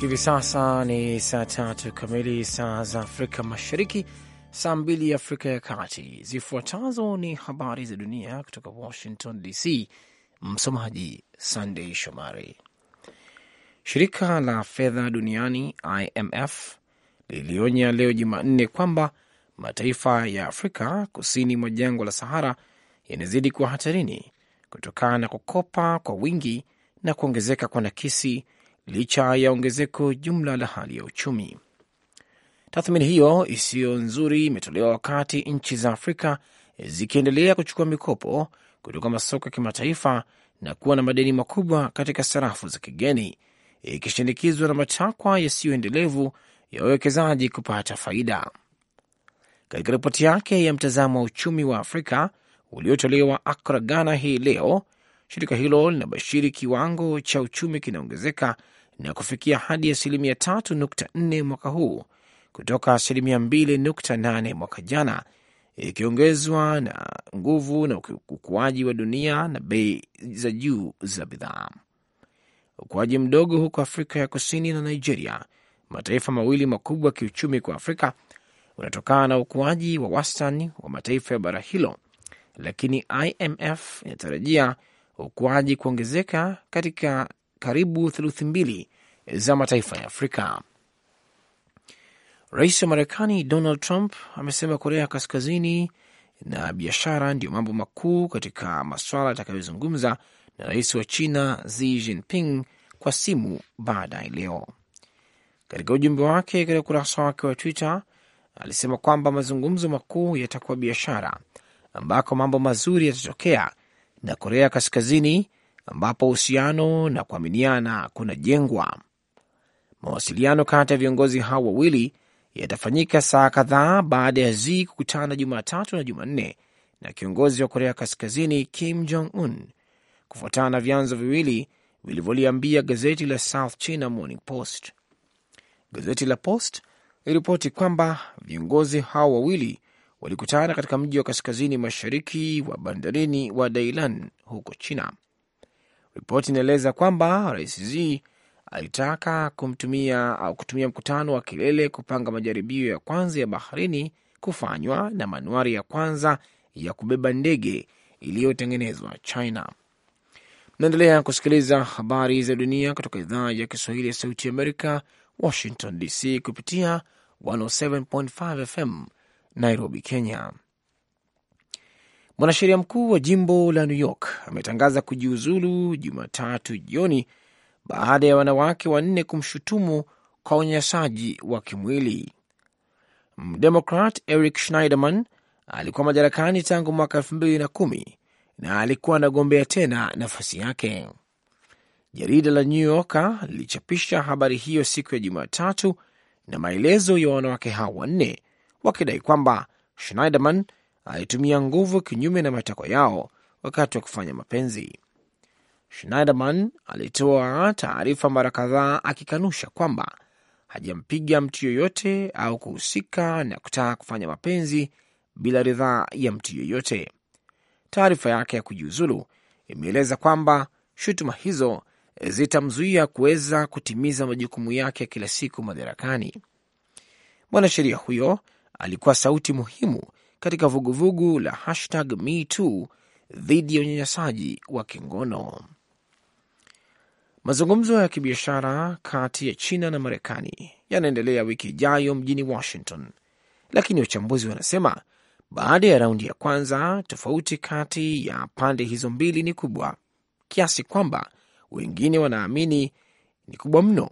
Hivi sasa ni saa tatu kamili saa za Afrika Mashariki, saa mbili Afrika ya Kati. Zifuatazo ni habari za dunia kutoka Washington DC. Msomaji Sandei Shomari. Shirika la fedha duniani IMF lilionya leo Jumanne kwamba mataifa ya Afrika kusini mwa jangwa la Sahara yanazidi kuwa hatarini kutokana na kukopa kwa wingi na kuongezeka kwa nakisi licha ya ongezeko jumla la hali ya uchumi. Tathmini hiyo isiyo nzuri imetolewa wakati nchi za Afrika zikiendelea kuchukua mikopo kutoka masoko ya kimataifa na kuwa na madeni makubwa katika sarafu za kigeni, ikishinikizwa na matakwa yasiyoendelevu ya wawekezaji kupata faida. Katika ripoti yake ya mtazamo wa uchumi wa Afrika uliotolewa Akra, Ghana hii leo, Shirika hilo linabashiri kiwango cha uchumi kinaongezeka na kufikia hadi asilimia 3.4 mwaka huu kutoka asilimia 2.8 mwaka jana, ikiongezwa na nguvu na ukuaji wa dunia na bei za juu za bidhaa. Ukuaji mdogo huko Afrika ya Kusini na Nigeria, mataifa mawili makubwa kiuchumi kwa Afrika, unatokana na ukuaji wa wastani wa mataifa ya bara hilo, lakini IMF inatarajia ukuaji kuongezeka katika karibu theluthi mbili za mataifa ya Afrika. Rais wa Marekani Donald Trump amesema Korea Kaskazini na biashara ndiyo mambo makuu katika maswala atakayozungumza na rais wa China Xi Jinping kwa simu baadaye leo. Katika ujumbe wake katika ukurasa wake wa Twitter alisema kwamba mazungumzo makuu yatakuwa biashara, ambako mambo mazuri yatatokea na Korea Kaskazini, ambapo uhusiano na kuaminiana kunajengwa. Mawasiliano kati ya viongozi hao wawili yatafanyika saa kadhaa baada ya Xi kukutana Jumatatu na Jumanne na kiongozi wa Korea Kaskazini Kim Jong Un, kufuatana na vyanzo viwili vilivyoliambia gazeti la South China Morning Post. Gazeti la Post liripoti kwamba viongozi hao wawili walikutana katika mji wa kaskazini mashariki wa bandarini wa Dailan huko China. Ripoti inaeleza kwamba Rais Xi alitaka kumtumia au kutumia mkutano wa kilele kupanga majaribio ya kwanza ya baharini kufanywa na manuari ya kwanza ya kubeba ndege iliyotengenezwa China. Mnaendelea kusikiliza habari za dunia kutoka idhaa ya Kiswahili ya Sauti Amerika, Washington DC, kupitia 107.5 FM Nairobi, Kenya. Mwanasheria mkuu wa jimbo la New York ametangaza kujiuzulu Jumatatu jioni baada ya wanawake wanne kumshutumu kwa unyanyasaji wa kimwili. Mdemokrat Eric Schneiderman alikuwa madarakani tangu mwaka elfu mbili na kumi na alikuwa anagombea tena nafasi yake. Jarida la New Yorker lilichapisha habari hiyo siku ya Jumatatu na maelezo ya wanawake hao wanne wakidai kwamba Schneiderman alitumia nguvu kinyume na matakwa yao wakati wa kufanya mapenzi. Schneiderman alitoa taarifa mara kadhaa akikanusha kwamba hajampiga mtu yoyote au kuhusika na kutaka kufanya mapenzi bila ridhaa ya mtu yoyote. Taarifa yake ya kujiuzulu imeeleza kwamba shutuma hizo zitamzuia kuweza kutimiza majukumu yake kila siku madarakani. Mwanasheria huyo alikuwa sauti muhimu katika vuguvugu vugu la hashtag Me Too dhidi ya unyanyasaji wa kingono. Mazungumzo ya kibiashara kati ya China na Marekani yanaendelea wiki ijayo mjini Washington, lakini wachambuzi wanasema baada ya raundi ya kwanza, tofauti kati ya pande hizo mbili ni kubwa kiasi kwamba wengine wanaamini ni kubwa mno,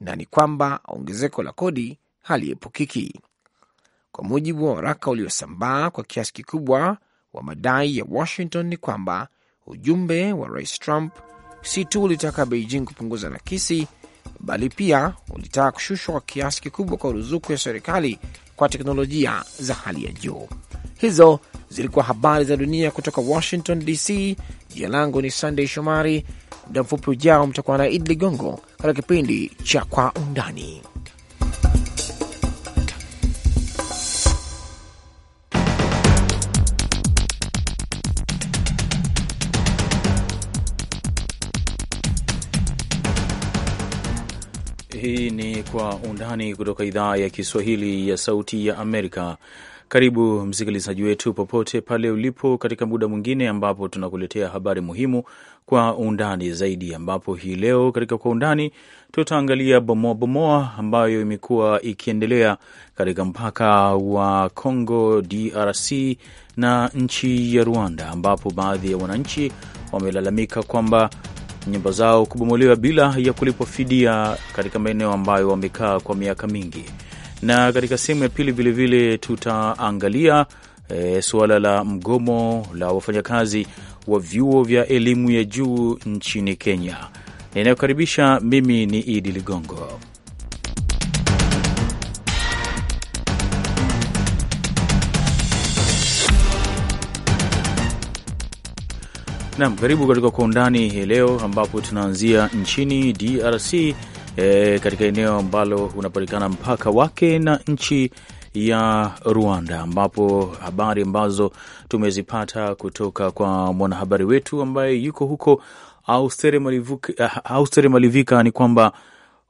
na ni kwamba ongezeko la kodi haliepukiki. Kwa mujibu wa waraka uliosambaa kwa kiasi kikubwa wa madai ya Washington ni kwamba ujumbe wa Rais Trump si tu ulitaka Beijing kupunguza nakisi, bali pia ulitaka kushushwa kwa kiasi kikubwa kwa ruzuku ya serikali kwa teknolojia za hali ya juu. Hizo zilikuwa habari za dunia kutoka Washington DC. Jina langu ni sandey Shomari. Muda mfupi ujao mtakuwa na Idi Ligongo katika kipindi cha Kwa Undani. Kwa Undani kutoka idhaa ya Kiswahili ya Sauti ya Amerika. Karibu msikilizaji wetu popote pale ulipo, katika muda mwingine ambapo tunakuletea habari muhimu kwa undani zaidi, ambapo hii leo katika Kwa Undani tutaangalia bomoa bomoa ambayo imekuwa ikiendelea katika mpaka wa Congo DRC na nchi ya Rwanda, ambapo baadhi ya wananchi wamelalamika kwamba nyumba zao kubomolewa bila ya kulipwa fidia katika maeneo ambayo wamekaa kwa miaka mingi. Na katika sehemu ya pili vilevile tutaangalia e, suala la mgomo la wafanyakazi wa vyuo vya elimu ya juu nchini Kenya. Ninayokaribisha mimi ni Idi Ligongo. Nam, karibu katika Kwa Undani hii leo, ambapo tunaanzia nchini DRC e, eh, katika eneo ambalo unapatikana mpaka wake na nchi ya Rwanda, ambapo habari ambazo tumezipata kutoka kwa mwanahabari wetu ambaye yuko huko Austere Malivika, eh, Austere Malivika ni kwamba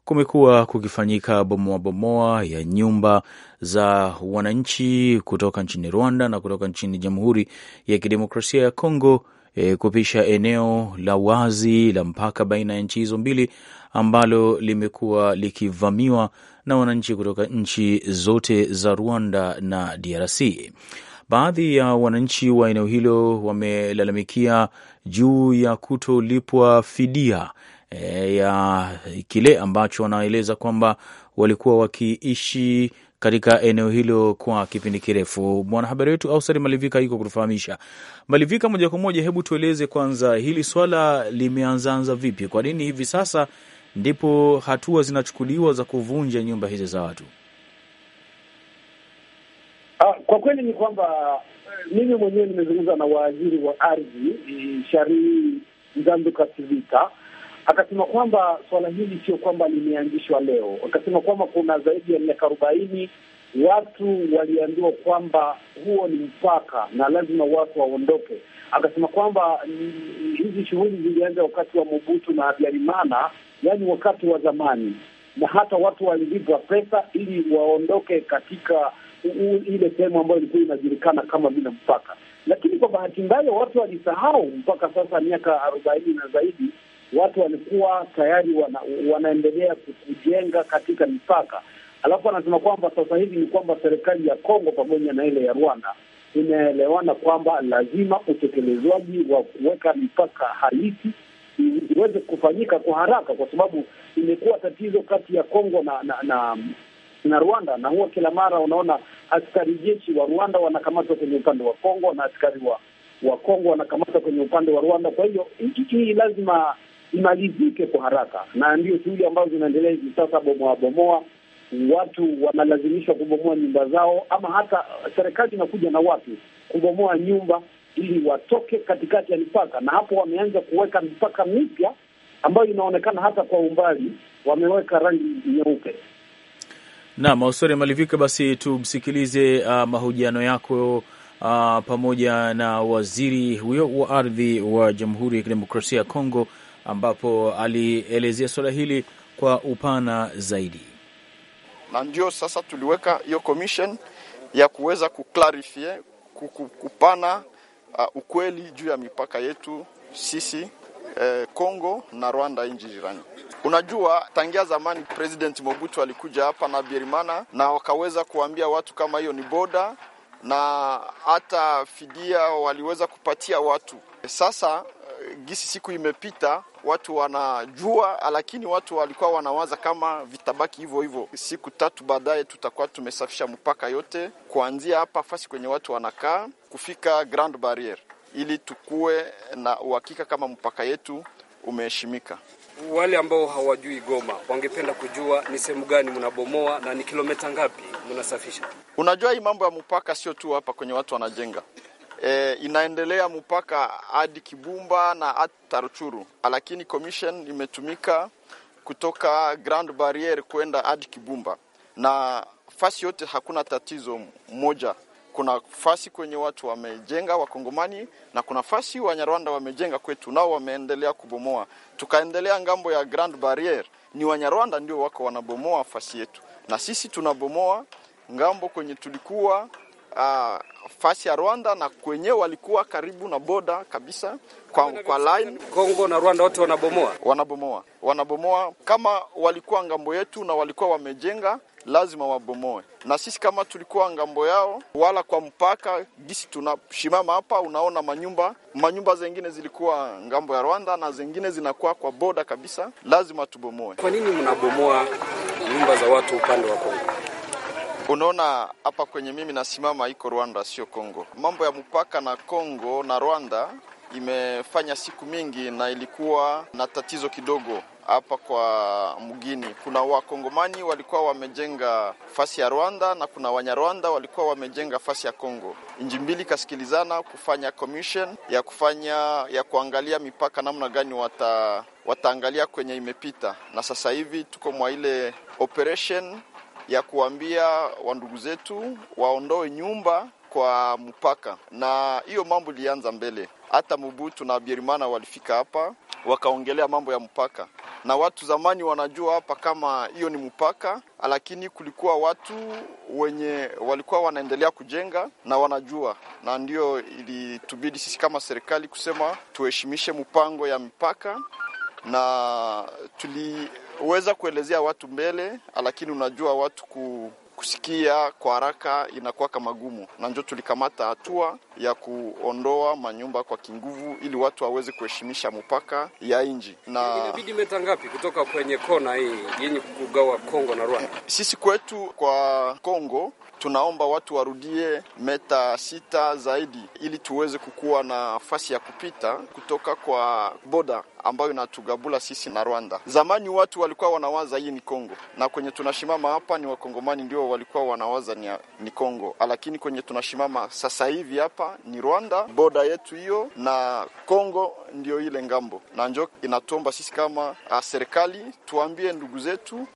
kumekuwa kukifanyika bomoa bomoa ya nyumba za wananchi kutoka nchini Rwanda na kutoka nchini Jamhuri ya Kidemokrasia ya Kongo e, kupisha eneo la wazi la mpaka baina ya nchi hizo mbili ambalo limekuwa likivamiwa na wananchi kutoka nchi zote za Rwanda na DRC. Baadhi ya wananchi wa eneo hilo wamelalamikia juu ya kutolipwa fidia e, ya kile ambacho wanaeleza kwamba walikuwa wakiishi katika eneo hilo kwa kipindi kirefu. Mwanahabari wetu Ausari Malivika yuko kutufahamisha. Malivika, moja kwa moja, hebu tueleze kwanza hili swala limeanzaanza vipi? Kwa nini hivi sasa ndipo hatua zinachukuliwa za kuvunja nyumba hizi za watu? Ah, kwa kweli ni kwamba eh, mimi mwenyewe nimezungumza na waajiri wa ardhi eh, Sharii Nzandu Kasivita Akasema kwamba suala hili sio kwamba limeanzishwa leo. Akasema kwamba kuna zaidi ya miaka arobaini watu waliambiwa kwamba huo ni mpaka na lazima watu waondoke. Akasema kwamba hizi shughuli zilianza wakati wa Mobutu na Habyarimana, yaani wakati wa zamani, na hata watu walilipwa pesa ili waondoke katika ile sehemu ambayo ilikuwa inajulikana kama vile mpaka, lakini kwa bahati mbaya watu walisahau mpaka sasa miaka arobaini na zaidi watu walikuwa tayari wana, wanaendelea kujenga katika mipaka. Alafu anasema kwamba sasa hivi ni kwamba serikali ya Kongo pamoja na ile ya Rwanda inaelewana kwamba lazima utekelezwaji wa kuweka mipaka halisi iweze kufanyika kwa haraka, kwa sababu imekuwa tatizo kati ya Kongo na na, na na Rwanda, na huwa kila mara unaona askari jeshi wa Rwanda wanakamatwa kwenye upande wa Kongo na askari wa wa Kongo wanakamatwa kwenye upande wa Rwanda. Kwa hiyo hii lazima imalizike kwa haraka, na ndiyo shughuli ambazo zinaendelea hivi sasa, bomoa bomoa watu wanalazimishwa kubomoa nyumba zao, ama hata serikali inakuja na watu kubomoa nyumba ili watoke katikati ya mipaka. Na hapo wameanza kuweka mipaka mipya ambayo inaonekana hata kwa umbali, wameweka rangi nyeupe. Naam, Ausore Malivika, basi tumsikilize uh, mahojiano yako uh, pamoja na waziri huyo wa ardhi wa Jamhuri ya Kidemokrasia ya Kongo ambapo alielezea suala hili kwa upana zaidi, na ndio sasa tuliweka hiyo commission ya kuweza kuclarify kupana uh, ukweli juu ya mipaka yetu sisi eh, Congo na Rwanda nchi jirani. Unajua, tangia zamani President Mobutu alikuja hapa na Birimana na wakaweza kuambia watu kama hiyo ni boda na hata fidia waliweza kupatia watu. Sasa gisi siku imepita, watu wanajua, lakini watu walikuwa wanawaza kama vitabaki hivyo hivyo. Siku tatu baadaye tutakuwa tumesafisha mpaka yote kuanzia hapa fasi kwenye watu wanakaa kufika Grand Barrier, ili tukuwe na uhakika kama mpaka yetu umeheshimika. Wale ambao hawajui Goma wangependa kujua ni sehemu gani mnabomoa na ni kilomita ngapi mnasafisha? Unajua, hii mambo ya mpaka sio tu hapa kwenye watu wanajenga e, inaendelea mpaka hadi Kibumba na taruchuru lakini commission imetumika kutoka Grand barrier kwenda hadi Kibumba na fasi yote hakuna tatizo moja. Kuna fasi kwenye watu wamejenga Wakongomani na kuna fasi Wanyarwanda wamejenga kwetu, nao wameendelea kubomoa. Tukaendelea ngambo ya Grand Barrier, ni Wanyarwanda ndio wako wanabomoa fasi yetu, na sisi tunabomoa ngambo kwenye tulikuwa uh, fasi ya Rwanda na kwenyewe walikuwa karibu na boda kabisa kwa, kwa line Kongo na Rwanda wote wanabomoa wanabomoa wanabomoa. Kama walikuwa ngambo yetu na walikuwa wamejenga, lazima wabomoe, na sisi kama tulikuwa ngambo yao. Wala kwa mpaka gisi tunashimama hapa, unaona manyumba manyumba zengine zilikuwa ngambo ya Rwanda na zengine zinakuwa kwa boda kabisa, lazima tubomoe. Kwa nini mnabomoa nyumba za watu upande wa Kongo? Unaona, hapa kwenye mimi nasimama iko Rwanda, sio Kongo. Mambo ya mpaka na Kongo na Rwanda imefanya siku mingi na ilikuwa na tatizo kidogo hapa kwa mgini. Kuna wakongomani walikuwa wamejenga fasi ya Rwanda na kuna wanyarwanda walikuwa wamejenga fasi ya Kongo. Nchi mbili kasikilizana kufanya commission ya kufanya ya kuangalia mipaka namna gani wata wataangalia kwenye imepita, na sasa hivi tuko mwa ile operation ya kuambia wandugu zetu waondoe nyumba kwa mpaka, na hiyo mambo ilianza mbele. Hata Mubutu na Bierimana walifika hapa wakaongelea mambo ya mpaka, na watu zamani wanajua hapa kama hiyo ni mpaka, lakini kulikuwa watu wenye walikuwa wanaendelea kujenga na wanajua, na ndiyo ilitubidi sisi kama serikali kusema tuheshimishe mpango ya mpaka na tuli huweza kuelezea watu mbele, lakini unajua watu ku kusikia kwa haraka inakuwa kama gumu, na njo tulikamata hatua ya kuondoa manyumba kwa kinguvu ili watu waweze kuheshimisha mpaka ya nji. Na inabidi meta ngapi kutoka kwenye kona hii yenye kugawa Kongo na Rwanda? Sisi kwetu kwa Kongo tunaomba watu warudie meta sita zaidi ili tuweze kukuwa na nafasi ya kupita kutoka kwa boda ambayo inatugabula sisi na Rwanda. Zamani watu walikuwa wanawaza hii ni Kongo, na kwenye tunashimama hapa ni wakongomani ndio walikuwa wanawaza ni, ni Kongo, lakini kwenye tunashimama sasa hivi hapa ni Rwanda, boda yetu hiyo na Kongo ndio ile ngambo, na njo inatuomba sisi kama ah, serikali tuambie ndugu zetu.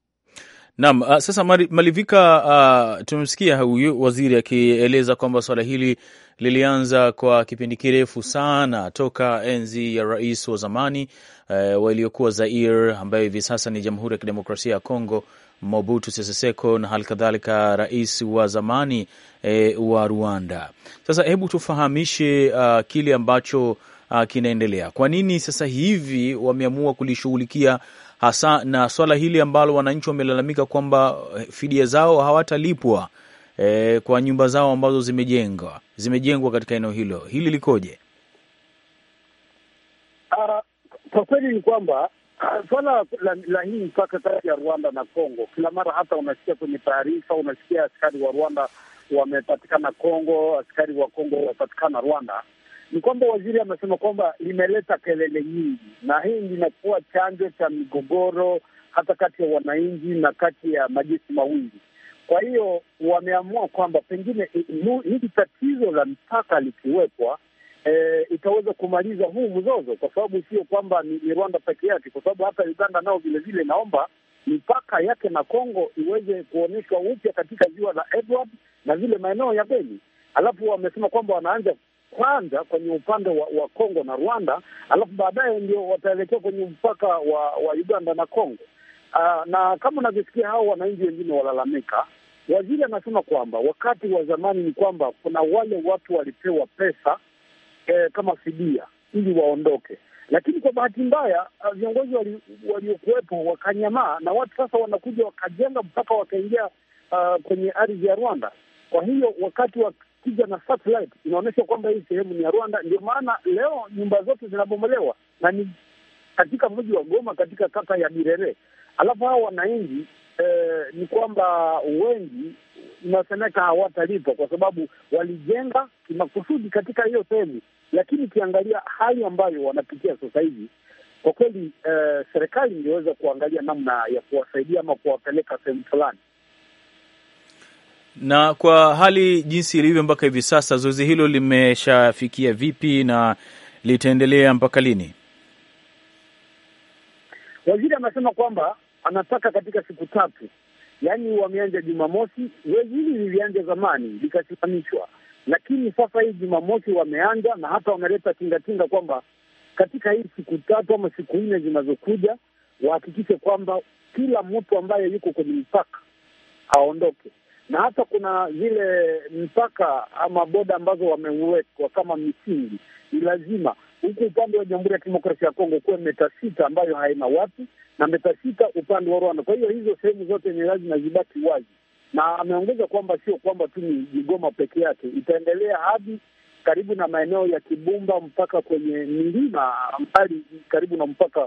Naam, ah, sasa Malivika, uh, tumemsikia huyu waziri akieleza kwamba swala hili lilianza kwa kipindi kirefu sana toka enzi ya rais wa zamani eh, waliokuwa Zair ambayo hivi sasa ni Jamhuri ya Kidemokrasia ya Kongo Mobutu Sese Seko na hali kadhalika rais wa zamani eh, wa Rwanda. Sasa hebu tufahamishe uh, kile ambacho uh, kinaendelea. Kwa nini sasa hivi wameamua kulishughulikia hasa na swala hili ambalo wananchi wamelalamika kwamba eh, fidia zao hawatalipwa? e, kwa nyumba zao ambazo zimejengwa zimejengwa katika eneo hilo, hili likoje? Uh, kwa kweli ni kwamba ah, suala la, la hii mpaka kati ya Rwanda na Kongo, kila mara hata unasikia kwenye taarifa, unasikia askari wa Rwanda wamepatikana Kongo, askari wa Kongo wamepatikana Rwanda. Ni kwamba waziri amesema kwamba limeleta kelele nyingi, na hii linakuwa chanzo cha migogoro hata kati ya wananchi na kati ya majeshi mawili. Kwa hiyo wameamua kwamba pengine hili tatizo la mpaka likiwekwa E, itaweza kumaliza huu mzozo kwa sababu sio kwamba ni Rwanda peke yake, kwa sababu hata Uganda nao vilevile inaomba mipaka yake na Kongo iweze kuonyeshwa upya katika ziwa la Edward na vile maeneo ya Beni. Alafu wamesema kwamba wanaanza kwanza kwenye upande wa, wa Kongo na Rwanda, alafu baadaye ndio wataelekea kwenye mpaka wa, wa Uganda na Kongo. Uh, na kama unavyosikia hao wananchi wengine walalamika, waziri anasema kwamba wakati wa zamani ni kwamba kuna wale watu walipewa pesa eh, kama fidia ili waondoke, lakini kwa bahati mbaya ah, viongozi waliokuwepo wali wakanyamaa, na watu sasa wanakuja wakajenga mpaka wakaingia uh, kwenye ardhi ya Rwanda. Kwa hiyo wakati wakija na satellite inaonyesha kwamba hii sehemu ni ya Rwanda, ndio maana leo nyumba zote zinabomolewa na ni katika mji wa Goma, katika kata ya Birere Alafu hao wananchi eh, ni kwamba wengi inasemeka hawatalipwa kwa sababu walijenga kimakusudi katika hiyo sehemu, lakini ukiangalia hali ambayo wanapitia sasa hivi kwa kweli eh, serikali ingeweza kuangalia namna ya kuwasaidia ama kuwapeleka sehemu fulani. Na kwa hali jinsi ilivyo mpaka hivi sasa, zoezi hilo limeshafikia vipi na litaendelea mpaka lini? Waziri amesema kwamba anataka katika siku tatu, yaani wameanza Jumamosi. Hili lilianza zamani likasimamishwa, lakini sasa hii Jumamosi wameanza na hata wameleta tingatinga kwamba katika hii siku tatu ama siku nne zinazokuja wahakikishe kwamba kila mtu ambaye yuko kwenye mpaka aondoke, na hata kuna zile mpaka ama boda ambazo wamewekwa kama misingi, ni lazima huku upande wa Jamhuri ya Kidemokrasia ya Kongo kuwe meta sita ambayo haina watu na meta sita upande wa Rwanda. Kwa hiyo hizo sehemu zote ni lazima zibaki wazi, na ameongeza kwamba sio kwamba tu ni jigoma peke yake, itaendelea hadi karibu na maeneo ya Kibumba mpaka kwenye milima mbali karibu na mpaka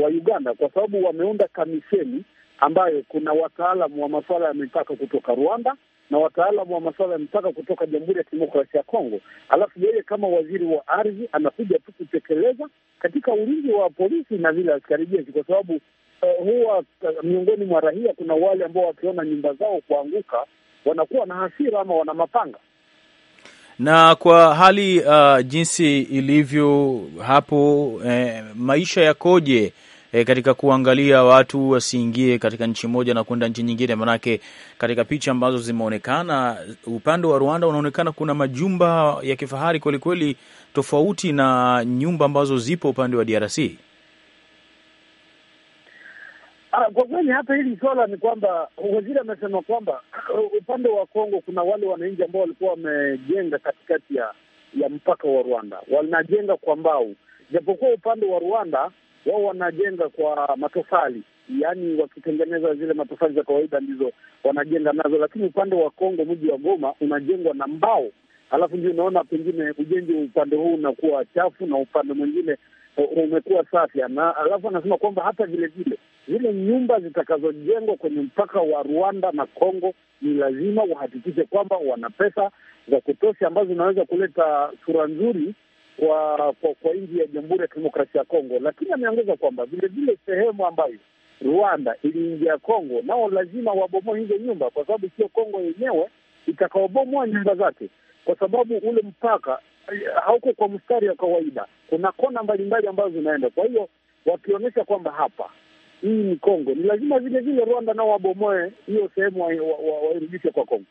wa Uganda, kwa sababu wameunda kamisheni ambayo kuna wataalamu wa masuala ya mipaka kutoka Rwanda na wataalamu wa masuala ya mpaka kutoka Jamhuri ya Kidemokrasia ya Kongo, alafu yeye kama waziri wa ardhi anakuja tu kutekeleza katika ulinzi wa polisi na vile askari jeshi, kwa sababu uh, huwa uh, miongoni mwa raia kuna wale ambao wakiona nyumba zao kuanguka wanakuwa na hasira ama wana mapanga na kwa hali uh, jinsi ilivyo hapo eh, maisha yakoje? e, katika kuangalia watu wasiingie katika nchi moja na kwenda nchi nyingine? Manake katika picha ambazo zimeonekana upande wa Rwanda unaonekana kuna majumba ya kifahari kwelikweli, tofauti na nyumba ambazo zipo upande wa DRC. Ah, kwa kweli hapa hili swala ni kwamba waziri amesema kwamba uh, upande wa Kongo kuna wale wananchi ambao walikuwa wamejenga katikati ya ya mpaka wa Rwanda, wanajenga kwa mbao, japokuwa upande wa Rwanda wao wanajenga kwa matofali, yaani wakitengeneza zile matofali za kawaida ndizo wanajenga nazo, lakini upande wa Kongo, mji wa Goma unajengwa na mbao, alafu ndio unaona pengine ujenzi upande huu unakuwa chafu na upande mwingine umekuwa safi na alafu anasema kwamba hata vile vile zile nyumba zitakazojengwa kwenye mpaka wa Rwanda na Kongo ni lazima wahakikishe kwamba wana pesa za kutosha ambazo zinaweza kuleta sura nzuri kwa kwa, kwa nji ya Jamhuri ya Kidemokrasia ya Kongo, lakini ameongeza kwamba vilevile sehemu ambayo Rwanda iliingia Kongo, nao lazima wabomoe hizo nyumba, kwa sababu sio Kongo yenyewe itakaobomoa nyumba zake, kwa sababu ule mpaka eh, hauko kwa mstari wa kawaida. Kuna kona mbalimbali ambazo zinaenda, kwa hiyo wakionyesha kwamba hapa hii ni Kongo, ni lazima vilevile Rwanda nao wabomoe hiyo sehemu, wairudishe wa, wa, wa kwa Kongo.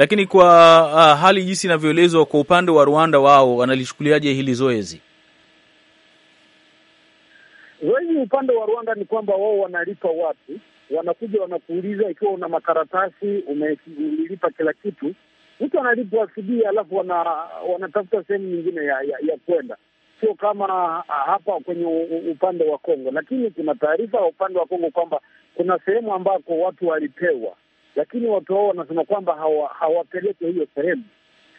Lakini kwa uh, hali jinsi inavyoelezwa kwa upande wa Rwanda, wao wanalichukuliaje hili zoezi? Zoezi upande wa Rwanda ni kwamba wao wanalipa watu, wanakuja wanakuuliza ikiwa una makaratasi, umelipa kila kitu, mtu analipwa fidia, alafu wana, wanatafuta sehemu nyingine ya, ya, ya kwenda Sio kama ah, hapa kwenye upande wa Kongo, lakini kuna taarifa upande wa Kongo kwamba kuna sehemu ambako watu walipewa lakini watu hao wanasema kwamba hawapeleke hiyo sehemu.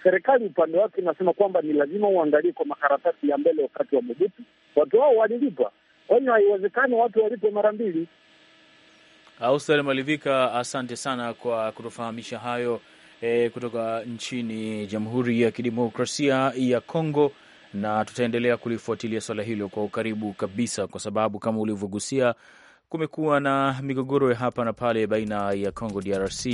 Serikali upande wake inasema kwamba ni lazima uangalie kwa makaratasi ya mbele, wakati wa Mobutu watu hao walilipa, kwa hiyo haiwezekani watu walipe mara mbili. Auster Malivika, asante sana kwa kutufahamisha hayo e, kutoka nchini Jamhuri ya Kidemokrasia ya Kongo, na tutaendelea kulifuatilia swala hilo kwa ukaribu kabisa, kwa sababu kama ulivyogusia kumekuwa na migogoro ya hapa na pale baina ya Congo DRC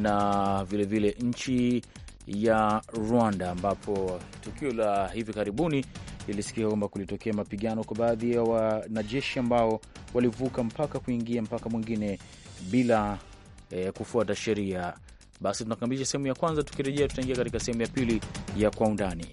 na vilevile vile nchi ya Rwanda, ambapo tukio la hivi karibuni lilisikika kwamba kulitokea mapigano kwa baadhi ya wanajeshi ambao walivuka mpaka kuingia mpaka mwingine bila eh, kufuata sheria. Basi tunakamilisha sehemu ya kwanza, tukirejea tutaingia katika sehemu ya pili ya kwa undani.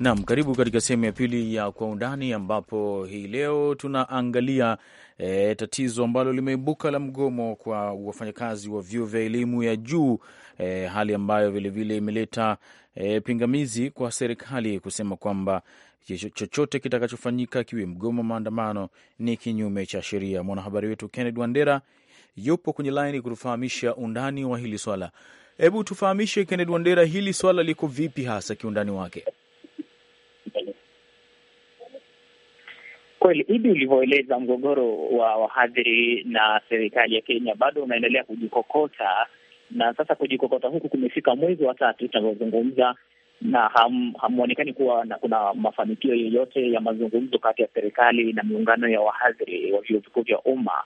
Naam, karibu katika sehemu ya pili ya Kwa Undani, ambapo hii leo tunaangalia e, tatizo ambalo limeibuka la mgomo kwa wafanyakazi wa vyuo vya elimu ya juu e, hali ambayo vilevile imeleta e, pingamizi kwa serikali kusema kwamba chochote kitakachofanyika kiwe mgomo, maandamano ni kinyume cha sheria. Mwanahabari wetu Kenneth Wandera yupo kwenye laini kutufahamisha undani wa hili swala. Hebu tufahamishe Kenneth Wandera, hili swala liko vipi hasa kiundani wake? Kweli hivi ulivyoeleza, mgogoro wa wahadhiri na serikali ya Kenya bado unaendelea kujikokota, na sasa kujikokota huku kumefika mwezi wa tatu tunavyozungumza, na hamuonekani kuwa na kuna mafanikio yoyote ya mazungumzo kati ya serikali na miungano ya wahadhiri wa vyuo vikuu vya umma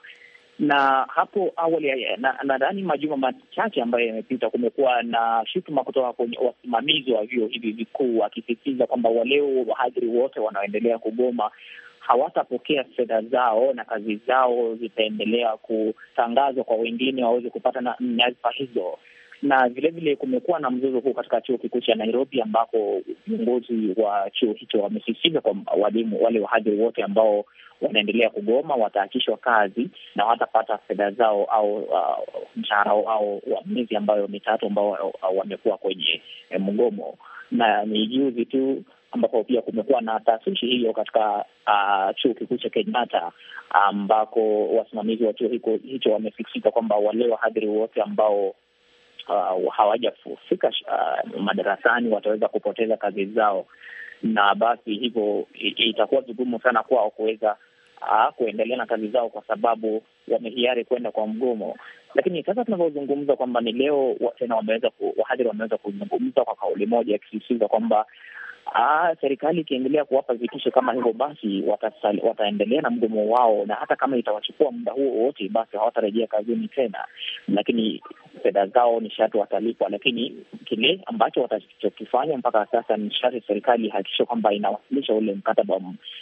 na hapo awali eh, nadhani na majuma machache ambayo yamepita, kumekuwa na shutuma kutoka kwenye wasimamizi wa vyuo hivi vikuu wakisisitiza kwamba waleo wahadhiri wote wanaoendelea kugoma hawatapokea fedha zao na kazi zao zitaendelea kutangazwa kwa wengine waweze kupata na nyadhifa hizo na vilevile kumekuwa na mzozo huu katika chuo kikuu cha Nairobi, ambapo viongozi wa chuo hicho wamesisitiza kwa walimu wale wahadhiri wote ambao wanaendelea kugoma wataachishwa kazi na watapata fedha zao au uh, mshahara wa miezi ambayo mitatu ambao uh, wamekuwa kwenye eh, mgomo. Na ni juzi tu ambapo pia kumekuwa na taasishi hiyo katika uh, chuo kikuu cha Kenyatta ambako wasimamizi wa chuo hicho wamesisitiza kwamba wale wahadhiri wote ambao uh, hawajafika uh, madarasani wataweza kupoteza kazi zao, na basi hivyo itakuwa vigumu sana kwao kuweza uh, kuendelea na kazi zao, kwa sababu wamehiari kwenda kwa mgomo. Lakini sasa tunavyozungumza kwamba ni leo tena wameweza wahadhiri wameweza kuzungumza kwa kauli moja, akisisitiza kwamba Aa, ah, serikali ikiendelea kuwapa vitisho kama hivyo, basi wataendelea na mgomo wao, na hata kama itawachukua muda huo wote, basi hawatarejea kazini tena, lakini fedha zao ni sharti watalipwa. Lakini kile ambacho watachokifanya mpaka sasa ni sharti serikali hakikisha kwamba inawasilisha ule mkataba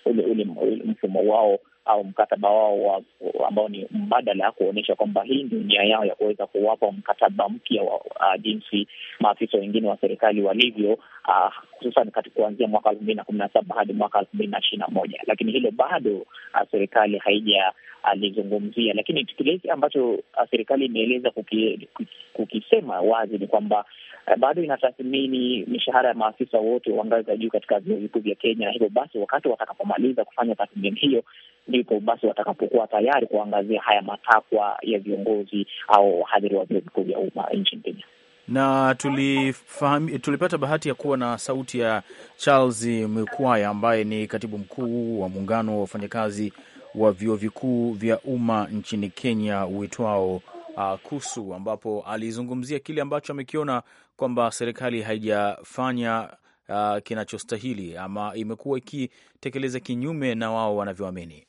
ule, ule, ule mfumo wao au mkataba wao ambao ni mbadala ya kuonyesha kwamba hii ndio nia yao ya kuweza kuwapa mkataba mpya wa uh, jinsi maafisa wengine wa serikali walivyo, uh, hususan kuanzia mwaka elfu mbili na kumi na saba hadi mwaka elfu mbili na ishirini na moja lakini hilo bado uh, serikali haija alizungumzia ah, lakini kile ambacho serikali imeeleza kuki, kukisema wazi ni kwamba bado inatathmini mishahara ya maafisa wote wa ngazi za juu katika vyuo vikuu vya Kenya, na hivyo basi wakati watakapomaliza kufanya tathmini hiyo ndipo basi watakapokuwa tayari kuangazia haya matakwa ya viongozi au wahadhiri wa vyuo vikuu vya umma nchini Kenya na tulifahami, tulipata bahati ya kuwa na sauti ya Charles Mkwaya ambaye ni katibu mkuu wa muungano wa wafanyakazi wa vyuo vikuu vya umma nchini Kenya uitwao uh, KUSU, ambapo alizungumzia kile ambacho amekiona kwamba serikali haijafanya uh, kinachostahili ama imekuwa ikitekeleza kinyume na wao wanavyoamini.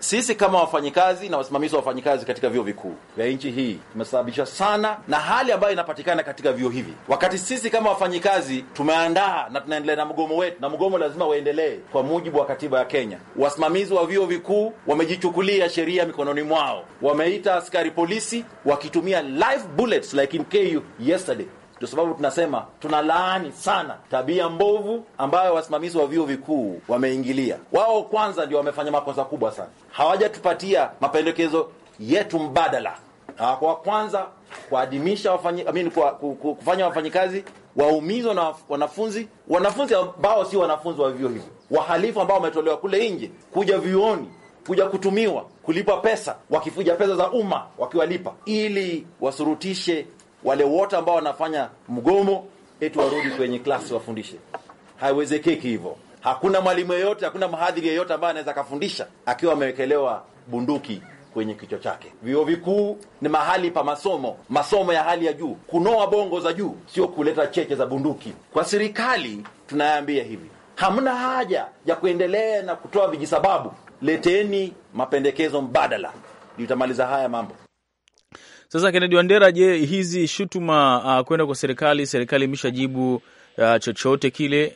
Sisi kama wafanyikazi na wasimamizi wa wafanyikazi katika vyuo vikuu vya nchi hii tumesababisha sana na hali ambayo inapatikana katika vyuo hivi, wakati sisi kama wafanyikazi tumeandaa na tunaendelea na mgomo wetu, na mgomo lazima uendelee kwa mujibu wa katiba ya Kenya. Wasimamizi wa vyuo vikuu wamejichukulia sheria mikononi mwao, wameita askari polisi wakitumia live bullets like in KU yesterday ndio sababu tunasema tunalaani sana tabia mbovu ambayo wasimamizi wa vyuo vikuu wameingilia. Wao kwanza ndio wamefanya makosa kubwa sana, hawajatupatia mapendekezo yetu mbadala. Kwa kwanza kuadimisha wafanyi, kwa, kufanya wafanyikazi waumizwa na wanafunzi wanafunzi ambao si wanafunzi wa vyuo hivyo, wahalifu ambao wametolewa kule nje kuja vyuoni kuja kutumiwa kulipwa pesa, wakifuja pesa za umma wakiwalipa, ili wasurutishe wale wote ambao wanafanya mgomo eti warudi kwenye klasi wafundishe. Haiwezekeki hivyo. Hakuna mwalimu yeyote, hakuna mhadhiri yeyote ambaye anaweza akafundisha akiwa amewekelewa bunduki kwenye kichwa chake. Vyuo vikuu ni mahali pa masomo, masomo ya hali ya juu, kunoa bongo za juu, sio kuleta cheche za bunduki. Kwa serikali tunayaambia hivi, hamna haja ya kuendelea na kutoa vijisababu. Leteni mapendekezo mbadala, litamaliza haya mambo. Sasa Kennedy Wandera, je, hizi shutuma uh, kwenda kwa serikali, serikali imeshajibu uh, chochote kile?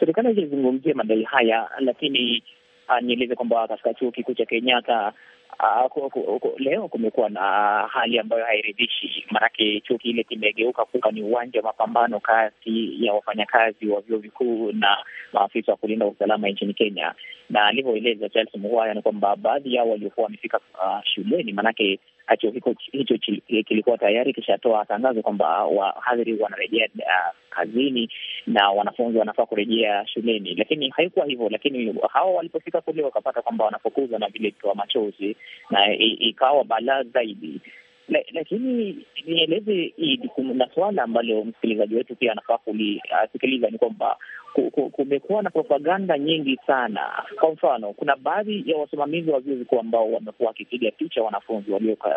Serikali haijazungumzia madai haya, lakini uh, nieleze kwamba katika chuo kikuu cha Kenyatta Ah, leo kumekuwa na hali ambayo hairidhishi, maanake chuo kile kimegeuka kuwa ni uwanja wa mapambano kati ya wafanyakazi wa vyuo vikuu na maafisa wa kulinda usalama nchini Kenya, na alivyoeleza Charles Mughwaya ni kwamba baadhi yao waliokuwa wamefika uh, shuleni maanake hicho hicho eh, kilikuwa tayari kishatoa tangazo kwamba ah, wahadhiri wanarejea uh, kazini na wanafunzi wanafaa kurejea shuleni, lakini haikuwa hivyo. Lakini hawa walipofika kule wakapata kwamba wanafukuzwa na vile vitoa machozi, na eh, ikawa balaa zaidi. Lakini nieleze Idi, kuna suala ambalo msikilizaji wetu pia anafaa kulisikiliza, ni kwamba kumekuwa na propaganda nyingi sana. Kwa mfano, kuna baadhi ya wasimamizi wa vyuo vikuu ambao wamekuwa wakipiga picha wanafunzi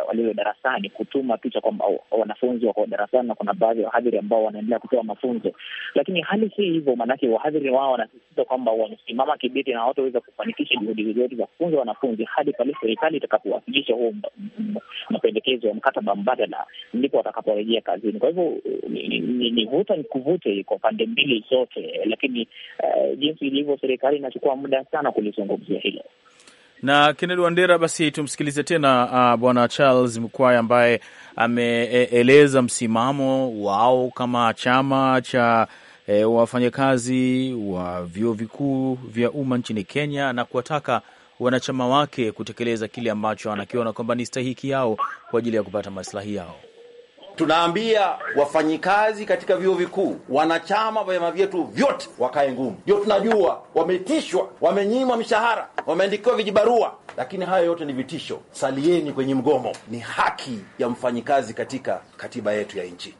walio darasani, kutuma picha kwamba wanafunzi wako darasani, na kuna baadhi ya wahadhiri ambao wanaendelea kutoa mafunzo. Lakini hali si hivyo, maanake wahadhiri wao wanasisitiza kwamba wamesimama kibiti na wataweza kufanikisha juhudi zozote za kufunza wanafunzi hadi pale serikali itakapowasilisha huo mapendekezo mkataba mbadala ndipo watakaporejea kazini. Kwa hivyo ni vuta ni kuvute kwa pande mbili zote, lakini uh, jinsi ilivyo serikali inachukua muda sana kulizungumzia hilo na Kennedy Wandera, basi tumsikilize tena uh, bwana Charles mkwai ambaye ameeleza msimamo wao kama chama cha e, wafanyakazi wa vyuo vikuu vya umma nchini Kenya na kuwataka wanachama wake kutekeleza kile ambacho anakiona kwamba ni stahiki yao kwa ajili ya kupata maslahi yao. Tunaambia wafanyikazi katika vyuo vikuu, wanachama wa vyama vyetu vyote wakae ngumu. Ndio tunajua wameitishwa, wamenyimwa mishahara, wameandikiwa vijibarua, lakini hayo yote ni vitisho. Salieni kwenye mgomo, ni haki ya mfanyikazi katika katiba yetu ya nchi.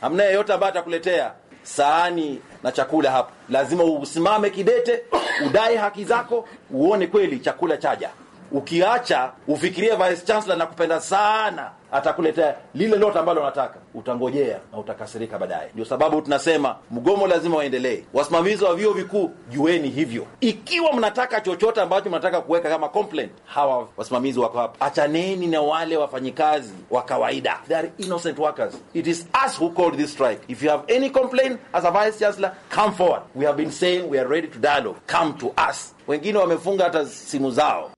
Hamna yeyote ambaye atakuletea sahani na chakula hapo, lazima usimame kidete, udai haki zako, uone kweli chakula chaja. Ukiacha ufikirie vice chancellor na kupenda sana, atakuletea lile lote ambalo unataka, utangojea na utakasirika baadaye. Ndio sababu tunasema mgomo lazima waendelee. Wasimamizi wa vyuo vikuu jueni hivyo, ikiwa mnataka chochote ambacho mnataka kuweka kama complaint, hawa wasimamizi wako hapa. Achaneni na wale wafanyikazi wa kawaida, they are innocent workers. It is us who called this strike. If you have any complaint as a vice chancellor, come forward. We have been saying we are ready to dialogue. Come to us. Wengine wamefunga hata simu zao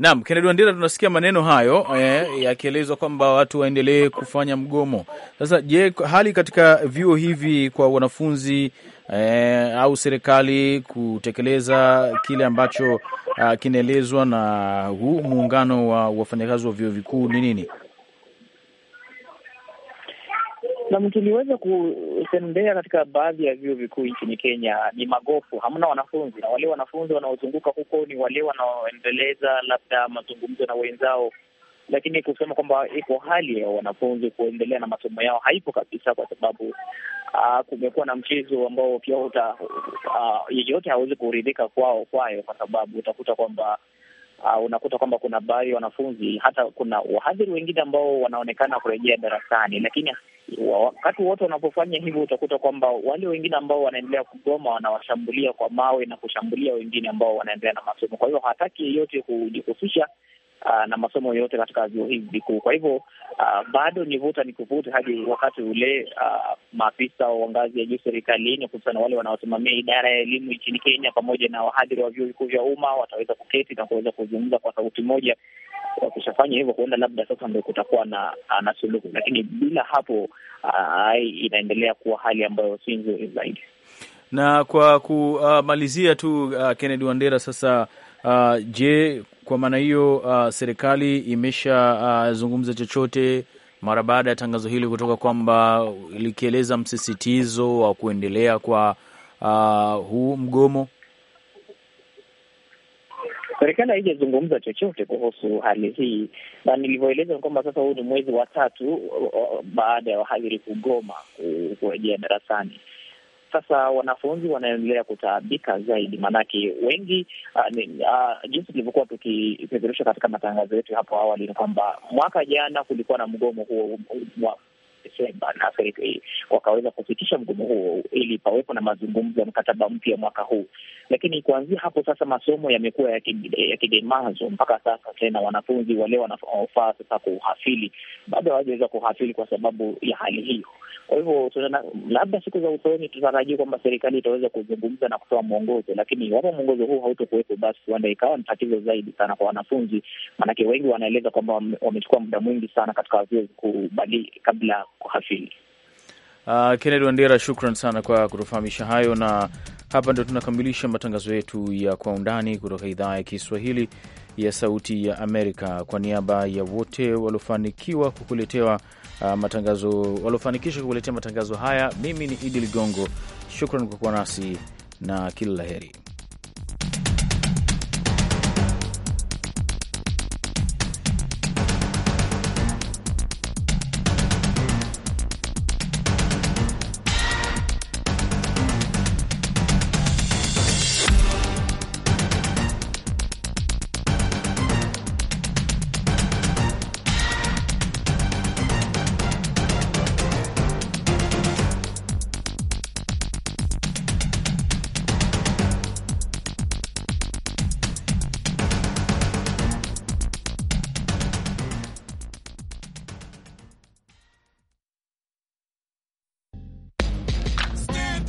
Naam, Kennedy Wandera, tunasikia maneno hayo eh, yakielezwa kwamba watu waendelee kufanya mgomo. Sasa je, hali katika vyuo hivi kwa wanafunzi eh, au serikali kutekeleza kile ambacho ah, kinaelezwa na huu muungano wa wafanyakazi wa vyuo vikuu ni nini? Nam, tuliweza kutembea katika baadhi ya vyuo vikuu nchini Kenya. Ni magofu, hamna wanafunzi, na wale wanafunzi wanaozunguka huko ni wale wanaoendeleza labda mazungumzo na wenzao, lakini kusema kwamba iko hali ya wanafunzi kuendelea na masomo yao haipo kabisa, kwa sababu uh, kumekuwa na mchezo ambao pia uta uh, yeyote hawezi kuridhika kwao kwayo, kwa sababu utakuta kwamba Uh, unakuta kwamba kuna baadhi ya wanafunzi hata kuna wahadhiri wengine ambao wanaonekana kurejea darasani, lakini wakati wote wanapofanya hivyo utakuta kwamba wale wengine ambao wanaendelea kugoma wanawashambulia kwa mawe na kushambulia wengine ambao wanaendelea na masomo. Kwa hivyo hataki yeyote kujihusisha uh, na masomo yote katika vyuo hivi vikuu. Kwa hivyo uh, bado ni vuta ni kuvuta hadi wakati ule uh, maafisa wa ngazi ya juu serikalini, hususan wale wanaosimamia idara ya elimu nchini Kenya pamoja na wahadhiri wa vyuo vikuu vya umma wataweza kuketi na kuweza kuzungumza kwa sauti moja wakishafanya hivyo, huenda labda sasa ndio kutakuwa na, na suluhu, lakini bila hapo uh, inaendelea kuwa hali ambayo si nzuri zaidi. Na kwa kumalizia tu uh, Kennedy Wandera, sasa uh, je, kwa maana hiyo uh, serikali imeshazungumza uh, chochote mara baada ya tangazo hili kutoka kwamba likieleza msisitizo wa kuendelea kwa uh, huu mgomo? Serikali haijazungumza chochote kuhusu hali hii, na nilivyoeleza kwamba sasa huu ni mwezi wa tatu baada ya wahadhiri kugoma kurejea darasani. Sasa wanafunzi wanaendelea kutaabika zaidi, maanake wengi ni, a, jinsi tulivyokuwa tukipeperusha katika matangazo yetu hapo awali ni kwamba mwaka jana kulikuwa na mgomo huo Desemba na serikali wakaweza kupitisha mgomo huo ili pawepo na mazungumzo ya mkataba mpya mwaka huu. Lakini kuanzia hapo sasa masomo yamekuwa yakidemazwa ya mpaka sasa tena wanafunzi wale wanaofaa sasa kuhafili bado hawajaweza kuhafili kwa sababu ya hali hiyo. Kwa hivyo labda siku za usoni tutarajia kwamba serikali itaweza kuzungumza na kutoa mwongozo, lakini iwapo mwongozo huu hautokuwepo, basi huenda ikawa ni tatizo zaidi sana kwa wanafunzi, maanake wengi wanaeleza kwamba wamechukua muda mwingi sana katika vyuo vikuu kabla kuhafili. Uh, Kennedy Wandera, shukran sana kwa kutufahamisha hayo, na hapa ndio tunakamilisha matangazo yetu ya Kwa Undani kutoka idhaa ya Kiswahili ya Sauti ya Amerika. Kwa niaba ya wote waliofanikiwa kukuletewa uh, matangazo waliofanikisha kukuletea matangazo haya, mimi ni Idi Ligongo, shukran kwa kuwa nasi na kila la heri.